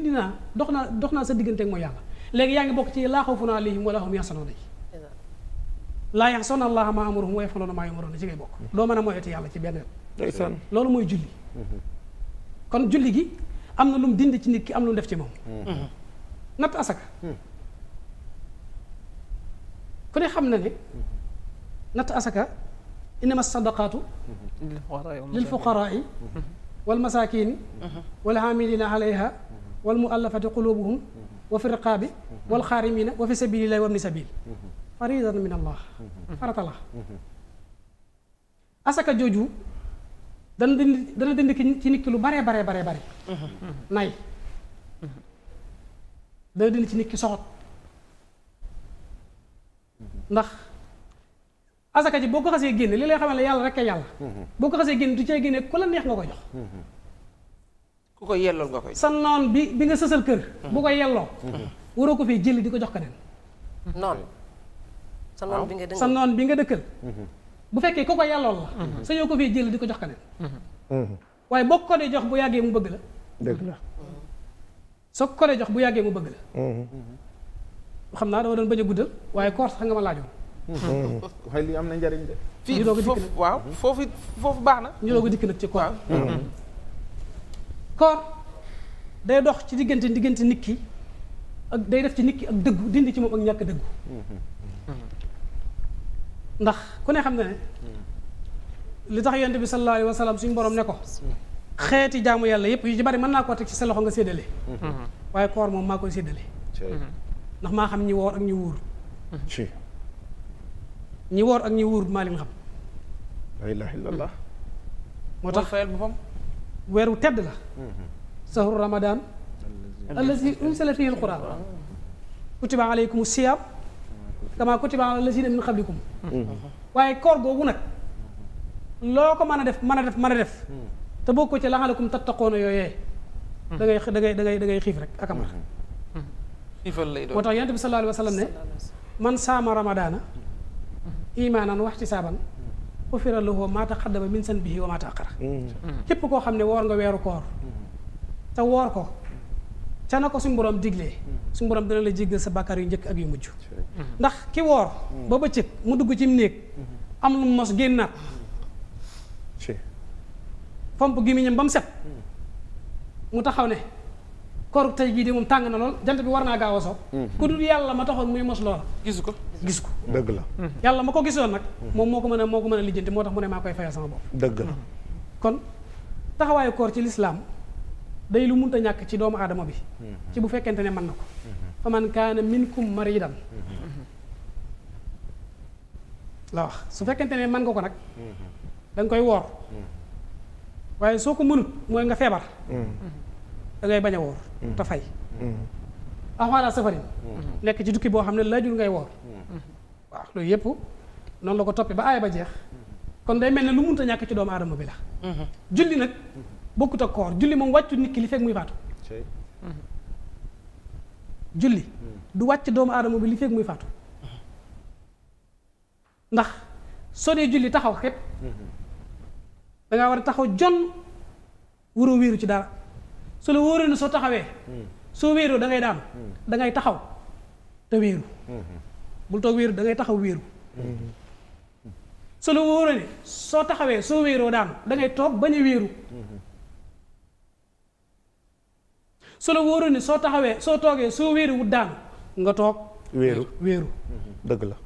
indi naa dox naa dox naa sa diggante ak mooy yàlla léegi yaa ngi bokk ci laa xawfun alayhim wala hum yaxzanoon laa yaxsawna allaha ma amarahum wa yaf'aluuna maa yu'maruun ci ngay bokk doo mën a moyeti yàlla ci benn loolu mooy julli kon julli gi am na lu mu dindi ci nit ki am lu def ci moom natt asaka ku xam na ne natt asaka innama sadaqaatu lil fuqaraai wal masaakiini wal aamiliina alayha wal muallafati qulubuhum wa fi riqaabi wal xaarimina wa fi sabilillahi wa ibni sabil faridatan min allah farata la asaka jooju dana dindi dana dindi ci nit lu baree baree bare nay dana dindi ci nit ki soxot ndax asaka ji boo ko xasee génne li lay xamal ne yàlla rek a yàlla uhuh. boo ko xasee génne du cee génne ku la neex nga ko jox uhuh. ku ko yellool sa noon bi bi nga sësal kër. bu ko yelloo. waroo ko fee jëli di ko jox keneen. noon. sa noon sa noon bi nga dëkkal. bu fekkee ku ko yellool la. Mhm. sa yoo ko fee jëli di ko jox keneen. Mhm. waaye boo ko dee jox bu yàggee mu bëgg la. dëgg la. soo ko dee jox bu yàggee mu bëgg la. Mhm. xam naa dama doon bañ a guddal waaye koor sax nga ma laajoon. waaye lii am na njariñ de. fii foofu foofu baax na. ñu doog a dikk nag ci koor. koor day dox ci diggante diggante nit ki ak day def ci nit ak dëggu dindi ci moom ak ñàkk dëggu ndax ku ne xam ne li tax yonent bi sallallahu alayhi wa suñu borom ne ko xeeti yàlla yëpp yu ci bari mën naa koo teg ci sa loxo nga séddale waaye koor moom maa koy séddale ndax maa xam ñi woor ak ñi wóor ñi woor ak ñi wuur maa leen xam moo tax fayal weeru tedd la sahru ramadan allazi unsila fihi alquran kutiba aleykum siyam kama kutiba ala allazina min qablikum waaye koor googu nag loo ko mën a def mën a def mën a def te bokk ko ci laxalakum tattaqoona yooyee da ngay da ngay da ngay xiif rek ak amar xiifal lay moo tax yonent bi sallallahu alayhi wa sallam ne man saama ramadaana imaanan waxtisaaban ufira lahu maa taqaddama min sanbihi wa maa taaxara mm. képp koo xam ne woor nga weeru koor te woor ko ca na ko suñu borom diglee mm. suñu borom dina la jéggal sa bàkkaar yu njëkk ak yu mujj mm. ndax ki woor ba bëccëg mu dugg ci néeg mm-hmm. am lu mos génnaat fomp gémmiñam ba mu set mu taxaw ne kooru tey jii de moom tàng na lool jant bi war naa gaaw a so mhm. ku dul yàlla ma taxoon muy mos loola gisu ko gis ko dëgg la mhm. yàlla ma ko gisoon nag mhm. moom moo ko mën a moo ko mën a lijjanti moo tax mu ne maa koy fayal sama bopp dëgg la kon taxawaayu koor ci lislaam lu munta ñàkk ci doomu aadama bi ci bu fekkente ne mën na ko fa man kaana minkum maridan la wax su fekkente ne mën nga ko nag da koy woor waaye soo ko mënut mooy nga feebar da ngay bañ a woor te fay axwaala safarin nekk ci tukki boo xam ne laajul ngay woor waaw loolu yëpp noonu la ko toppee ba aaya ba jeex kon day mel ne lu munta ñàkk ci doomu aadama bi la julli nag bokkut ak koor julli moom wàccu nit ki li fekk muy faatu julli du wàcc doomu aadama bi li fekk muy faatu ndax soo dee julli taxaw xet dangaa war a taxaw jon waroo wéeru ci dara solo la wóoree soo taxawee. Hmm. soo wéeroo da ngay daan. Hmm. da ngay taxaw te wéeru. Hmm. bul toog wéeru da ngay taxaw wéeru. su la wóoree soo taxawee soo wéeroo daan da ngay toog bañ a wéeru. su la wóoree ne soo taxawee soo toogee soo wéeru wut daan nga toog. wéeru wéeru dëgg la.